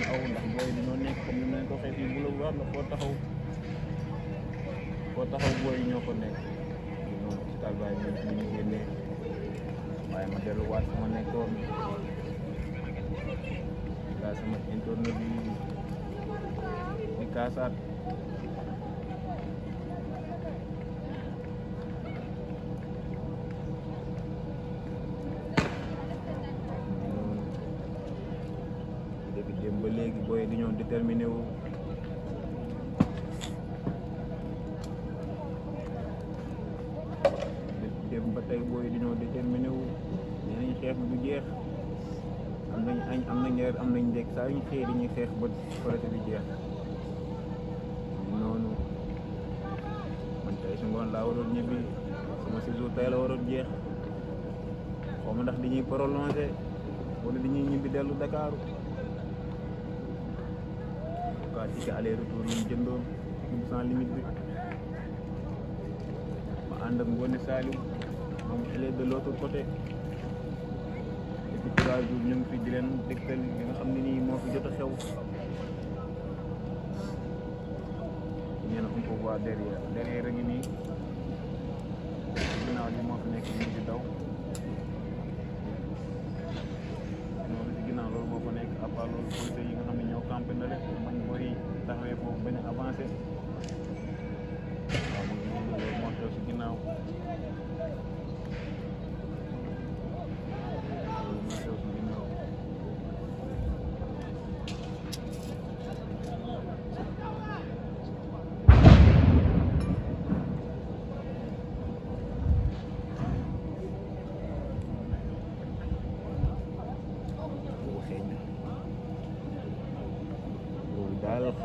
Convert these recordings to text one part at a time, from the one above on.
ñu aw ndax booy dañoo nekk comme ni ma leen ko waxee fii bu la war la foo taxaw foo taxaw booy ñoo ko nekk noonu ci talbaay bi ñu ñu génnee di kaasaat léegi booy di ñoo déterminé wu dem ba tey booy di ñoo déterminé wu nee nañ xeex bi du jeex am nañ añ am nañ reer am nañ ndékk saa yu ñu xëyee dañuy xeex ba projet bi jeex noonu man tey su ngoon laa waroon ñibbi sama séjour tey la waroon jeex xaw ma ndax dañuy prolongé wala dañuy ñibbi dellu Dakar waa ticket aller retour yi jëndoon moom sans limite bi ma ànd ak Ngoné Saliou moom élève de l' autre côté depuis trois ñu ngi fi di nga xam ne nii moo fi jot a xew nii ginnaaw li moo fi nekk nii di daw loolu si ginnaaw loolu moo fa taxawee foofu beneen avancé waaw mu ngi noonu loolu moo xew si ginnaaw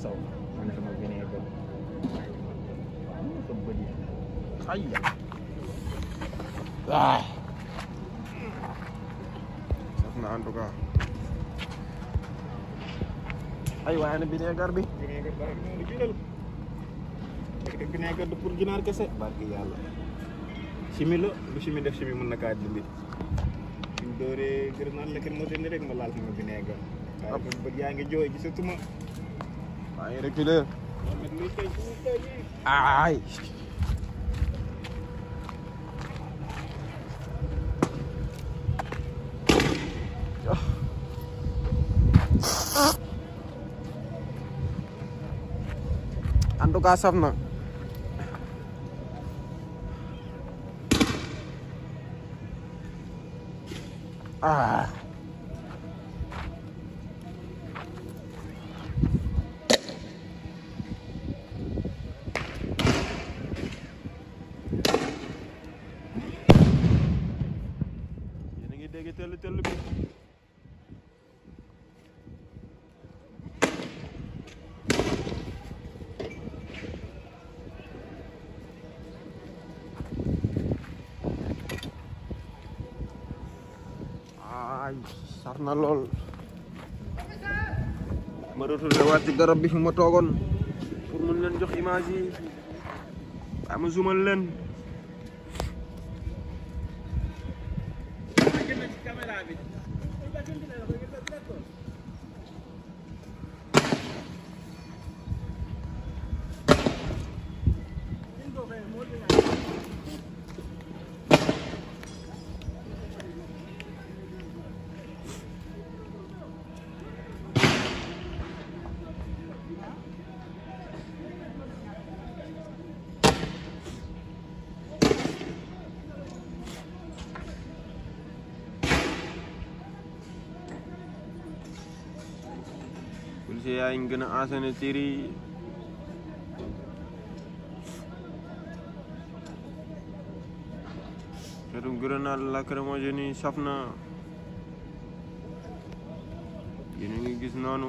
asaw ma ne ko ma gënee ko ko bëri ay ah! na en tout cas ay waaye ne bi vinaigre bari noonu jëlal pour ginaar kese barki yàlla simi la simi def simi mën na kaa dindi suñ dóoree gërëm naa la kër moo rek ma laal sama vinaigre waaye bëgg yaa ngi jooy gisatuma maa ngi reculer ay en tout cas ah tëll tëll bi ay sar na lool ma retourné waat ci garab bi fi ma toogoon pour mun leen jox image yi ama zoomal leen gisee yaa ngi gën a enseigné téere yi xeetu grenade lacrymogène ngi gis noonu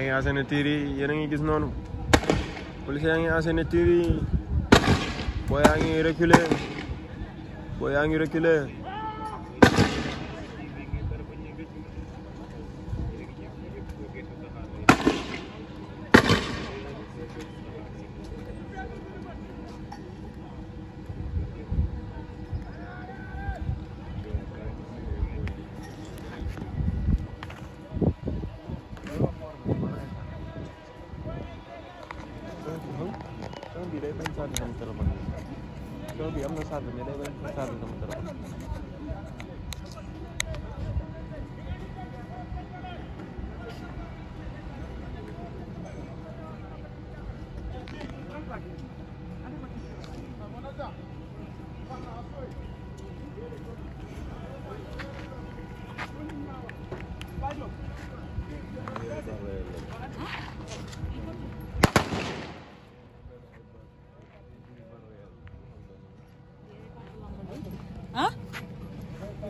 yaa ngi enchaîné tiir ngi gis noonu police a ngi enchaîné tiir yi ngi reculé boo yaa ngi reculé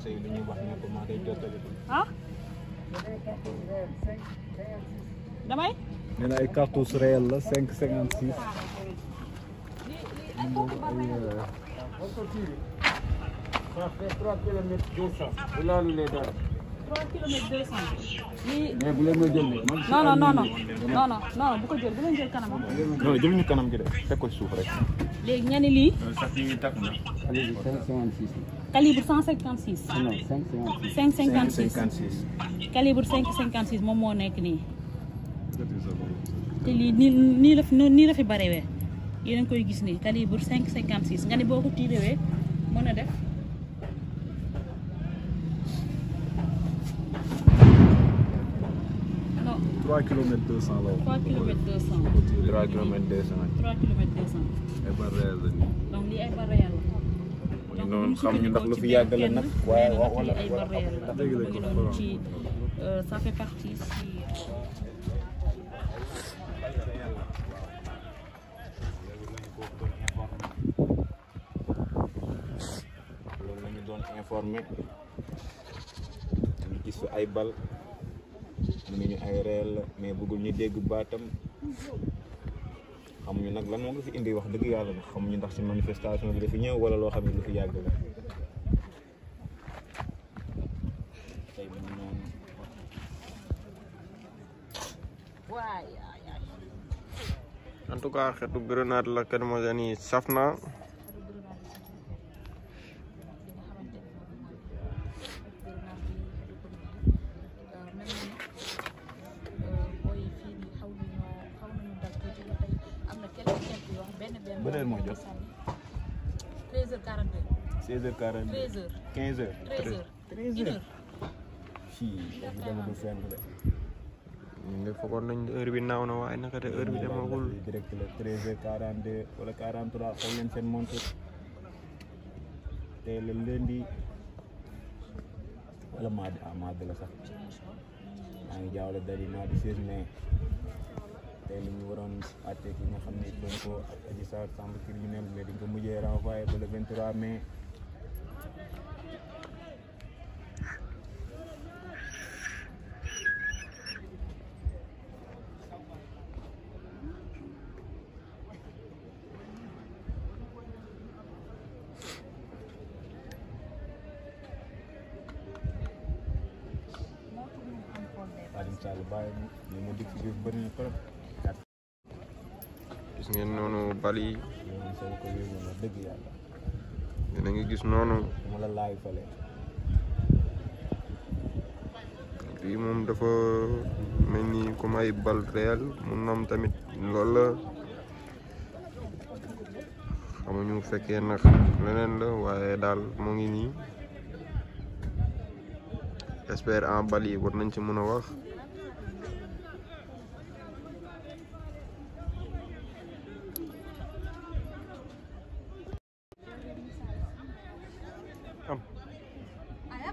conseil lu ñuy wax ne ko maa koy jottali ah damay nee na ay cartouche réel la cinq cinquante six ça fait trois kilomètres deux cents bu laalulee dara 3 kilomètres 200. lii mais bu leen may jël de. non non non non non non bu ko jël bu leen jël kanam. non jël ñu kanam gi de teg ko suuf rek. léegi ñu ne lii. Euh, sax yi takku na. calibre 556. Ah calibre 156. non 556. 556 moom moo nekk nii. te lii nii nii la fi nii la fi barewee koy gis nii calibre 556 nga ne boo ko tiirewee mën a def. 3 kilomètres 200 la woon. 3 kilomètres 200. 3 kilomètres 200. 3 kilomètres 200. ay barrière la nii. donc lii ay barrière la. donc ñu xam ñu ndax lu fi yàgg la nag. waaye wala ay barrière la. dëgg la kon loolu ci euh, ça fait partie ci. loolu la ñu doon informé ñu gis ay bal. mu ñu ay reel la mais bëggul ñu dégg baatam xamuñu nag lan moo ko fi indi wax dëgg yàlla nag xamuñu ndax si manifestation bi dafa ñëw wala loo xam ne lu fi yàgg la tey mu ngi noonu en tout cas xeetu grenade lacrymogène saf na ban heure mooy jot. 13h42. 16h42 13h 15h 13h 13h. fii ak dama du fenn nañ heure bi naaw na waaye heure bi demagul. direct la 13h42 wala 43 xool leen seen montre tey la lundi wala maa di ah, la sax maa ngi jaawale dali maa di mai. àttee li ñu waroon àttee ki nga xam ne Sonko ak Adji Sarr chambre criminelle mais dañ ko mujjee renvoyé ba le 23 mai. Alioune Sall bàyyi mu mu dikk bi bëri na trop gis ngeen noonu bal yi yéen ngi gis noonu bii moom dafa mel ni comme ay bal réel mun na tamit loolu la xamuñu fekkee nag leneen la waaye daal mu ngi nii expert en bal yi war nañ ci mën a wax